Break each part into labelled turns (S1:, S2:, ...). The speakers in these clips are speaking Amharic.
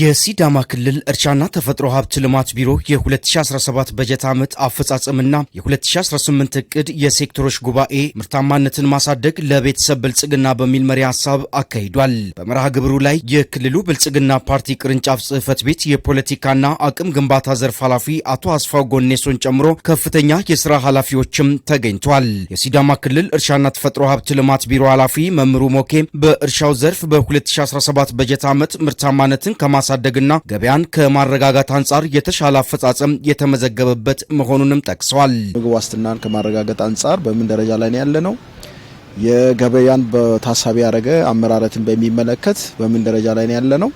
S1: የሲዳማ ክልል እርሻና ተፈጥሮ ሀብት ልማት ቢሮ የ2017 በጀት ዓመት አፈጻጸምና የ2018 እቅድ የሴክተሮች ጉባኤ ምርታማነትን ማሳደግ ለቤተሰብ ብልጽግና በሚል መሪ ሀሳብ አካሂዷል። በመርሃ ግብሩ ላይ የክልሉ ብልጽግና ፓርቲ ቅርንጫፍ ጽህፈት ቤት የፖለቲካና አቅም ግንባታ ዘርፍ ኃላፊ አቶ አስፋው ጎኔሶን ጨምሮ ከፍተኛ የስራ ኃላፊዎችም ተገኝቷል። የሲዳማ ክልል እርሻና ተፈጥሮ ሀብት ልማት ቢሮ ኃላፊ መምሩ ሞኬ በእርሻው ዘርፍ በ2017 በጀት ዓመት ምርታማነትን ከማ ከማሳደግና ገበያን ከማረጋጋት አንጻር የተሻለ አፈጻጸም የተመዘገበበት መሆኑንም ጠቅሰዋል።
S2: ምግብ ዋስትናን ከማረጋገጥ አንጻር በምን ደረጃ ላይ ነው ያለ ነው? የገበያን በታሳቢ ያደረገ አመራረትን በሚመለከት በምን ደረጃ ላይ ነው ያለ ነው?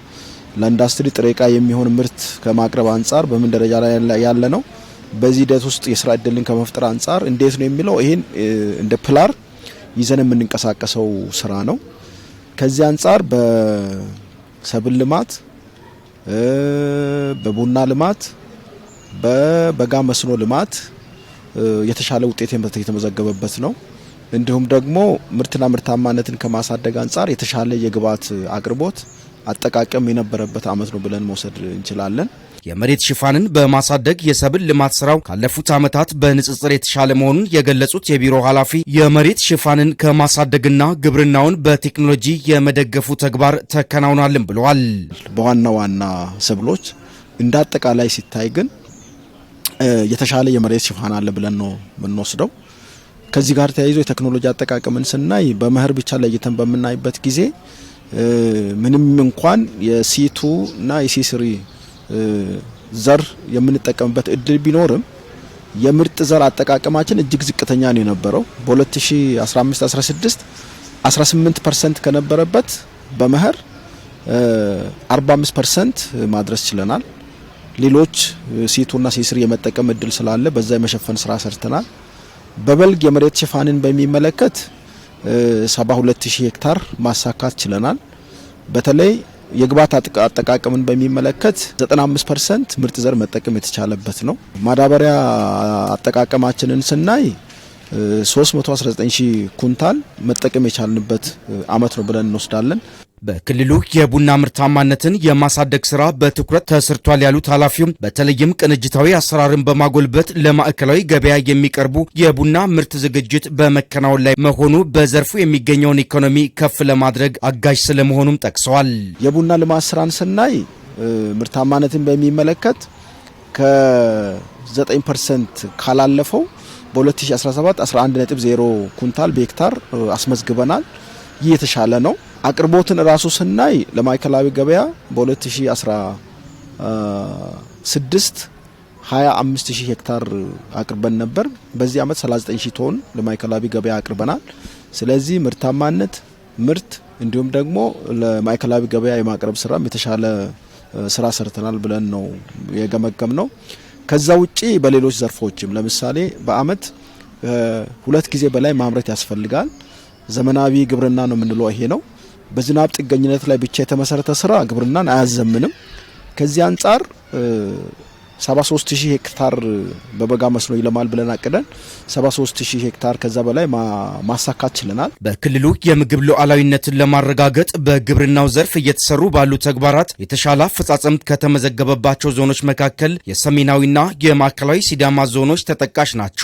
S2: ለኢንዱስትሪ ጥሬ እቃ የሚሆን ምርት ከማቅረብ አንጻር በምን ደረጃ ላይ ያለ ነው? በዚህ ሂደት ውስጥ የስራ እድልን ከመፍጠር አንጻር እንዴት ነው የሚለው ይህን እንደ ፕላር ይዘን የምንንቀሳቀሰው ስራ ነው። ከዚህ አንጻር በሰብል ልማት በቡና ልማት፣ በበጋ መስኖ ልማት የተሻለ ውጤት የተመዘገበበት ነው። እንዲሁም ደግሞ ምርትና ምርታማነትን ከማሳደግ አንጻር የተሻለ የግብዓት አቅርቦት አጠቃቀም የነበረበት አመት ነው ብለን መውሰድ እንችላለን።
S1: የመሬት ሽፋንን በማሳደግ የሰብል ልማት ስራው ካለፉት ዓመታት በንጽጽር የተሻለ መሆኑን የገለጹት የቢሮ ኃላፊ የመሬት ሽፋንን ከማሳደግና ግብርናውን በቴክኖሎጂ የመደገፉ ተግባር ተከናውናልን ብለዋል።
S2: በዋና ዋና ሰብሎች እንደ አጠቃላይ ሲታይ ግን የተሻለ የመሬት ሽፋን አለ ብለን ነው የምንወስደው። ከዚህ ጋር ተያይዞ የቴክኖሎጂ አጠቃቀምን ስናይ በመኸር ብቻ ለይተን በምናይበት ጊዜ ምንም እንኳን የሲቱ እና የሲስሪ ዘር የምንጠቀምበት እድል ቢኖርም የምርጥ ዘር አጠቃቀማችን እጅግ ዝቅተኛ ነው የነበረው። በ2015 16 18 ፐርሰንት ከነበረበት በመኸር 45 ፐርሰንት ማድረስ ችለናል። ሌሎች ሴቱና ሴስር የመጠቀም እድል ስላለ በዛ የመሸፈን ስራ ሰርተናል። በበልግ የመሬት ሽፋንን በሚመለከት 72000 ሄክታር ማሳካት ችለናል። በተለይ የግባት አጠቃቀምን በሚመለከት 95 ፐርሰንት ምርጥ ዘር መጠቀም የተቻለበት ነው። ማዳበሪያ አጠቃቀማችንን ስናይ 319 ሺህ ኩንታል መጠቀም የቻልንበት አመት ነው ብለን እንወስዳለን።
S1: በክልሉ የቡና ምርታማነትን የማሳደግ ስራ በትኩረት ተሰርቷል ያሉት ኃላፊውም በተለይም ቅንጅታዊ አሰራርን በማጎልበት ለማዕከላዊ ገበያ የሚቀርቡ የቡና ምርት ዝግጅት በመከናወን ላይ መሆኑ በዘርፉ የሚገኘውን ኢኮኖሚ ከፍ ለማድረግ አጋዥ ስለመሆኑም ጠቅሰዋል።
S2: የቡና ልማት ስራን ስናይ ምርታማነትን በሚመለከት ከ9 ፐርሰንት ካላለፈው በ2017 11.0 ኩንታል በሄክታር አስመዝግበናል። ይህ የተሻለ ነው። አቅርቦትን ራሱ ስናይ ለማዕከላዊ ገበያ በ2016 25000 ሄክታር አቅርበን ነበር። በዚህ ዓመት 39000 ቶን ለማዕከላዊ ገበያ አቅርበናል። ስለዚህ ምርታማነት፣ ምርት እንዲሁም ደግሞ ለማዕከላዊ ገበያ የማቅረብ ስራም የተሻለ ስራ ሰርተናል ብለን ነው የገመገም ነው። ከዛ ውጪ በሌሎች ዘርፎችም ለምሳሌ በአመት ሁለት ጊዜ በላይ ማምረት ያስፈልጋል። ዘመናዊ ግብርና ነው የምንለው ይሄ ነው። በዝናብ ጥገኝነት ላይ ብቻ የተመሰረተ ስራ ግብርናን አያዘምንም። ከዚህ አንጻር 73 ሺህ ሄክታር በበጋ መስኖ ይለማል ብለን አቅደን 73 ሺህ ሄክታር ከዛ በላይ ማሳካት ችለናል።
S1: በክልሉ የምግብ ሉዓላዊነትን ለማረጋገጥ በግብርናው ዘርፍ እየተሰሩ ባሉ ተግባራት የተሻለ አፈጻጸም ከተመዘገበባቸው ዞኖች መካከል የሰሜናዊና የማዕከላዊ ሲዳማ ዞኖች ተጠቃሽ ናቸው።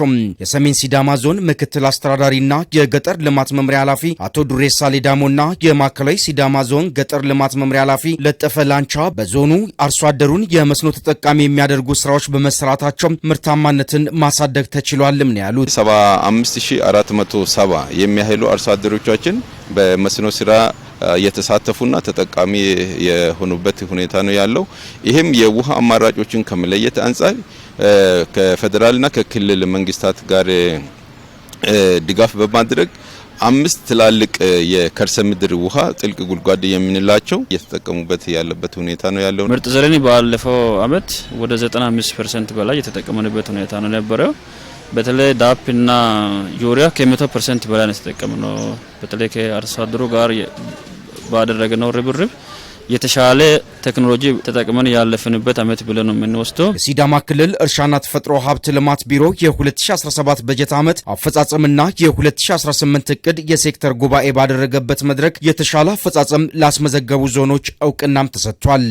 S1: የሰሜን ሲዳማ ዞን ምክትል አስተዳዳሪና የገጠር ልማት መምሪያ ኃላፊ አቶ ዱሬሳ ሌዳሞና የማዕከላዊ ሲዳማ ዞን ገጠር ልማት መምሪያ ኃላፊ ለጠፈ ላንቻ በዞኑ አርሶ አደሩን የመስኖ ተጠቃሚ የሚያደርጉ የሚያደርጉ ስራዎች በመሰራታቸው ምርታማነትን ማሳደግ ተችሏልም ነው ያሉት።
S2: 75470 የሚያህሉ አርሶ አደሮቻችን በመስኖ ስራ የተሳተፉና ተጠቃሚ የሆኑበት ሁኔታ ነው ያለው። ይህም የውሃ አማራጮችን ከመለየት አንጻር ከፌዴራልና ከክልል መንግስታት ጋር ድጋፍ በማድረግ አምስት ትላልቅ የከርሰ ምድር ውሃ ጥልቅ ጉድጓድ የምንላቸው እየተጠቀሙበት ያለበት ሁኔታ ነው ያለው።
S3: ምርጥ ዘርን ባለፈው አመት ወደ 95 ፐርሰንት በላይ የተጠቀምንበት ሁኔታ ነው የነበረው። በተለይ ዳፕና ዩሪያ ከ ፐርሰንት በላይ ነው የተጠቀምነው። በተለይ ከአርሶ አደሩ ጋር ባደረግነው ርብርብ የተሻለ ቴክኖሎጂ ተጠቅመን ያለፍንበት አመት ብለን ነው የምንወስደው።
S1: የሲዳማ ክልል እርሻና ተፈጥሮ ሀብት ልማት ቢሮ የ2017 በጀት ዓመት አፈጻጸምና የ2018 እቅድ የሴክተር ጉባኤ ባደረገበት መድረክ የተሻለ አፈጻጸም ላስመዘገቡ ዞኖች እውቅናም ተሰጥቷል።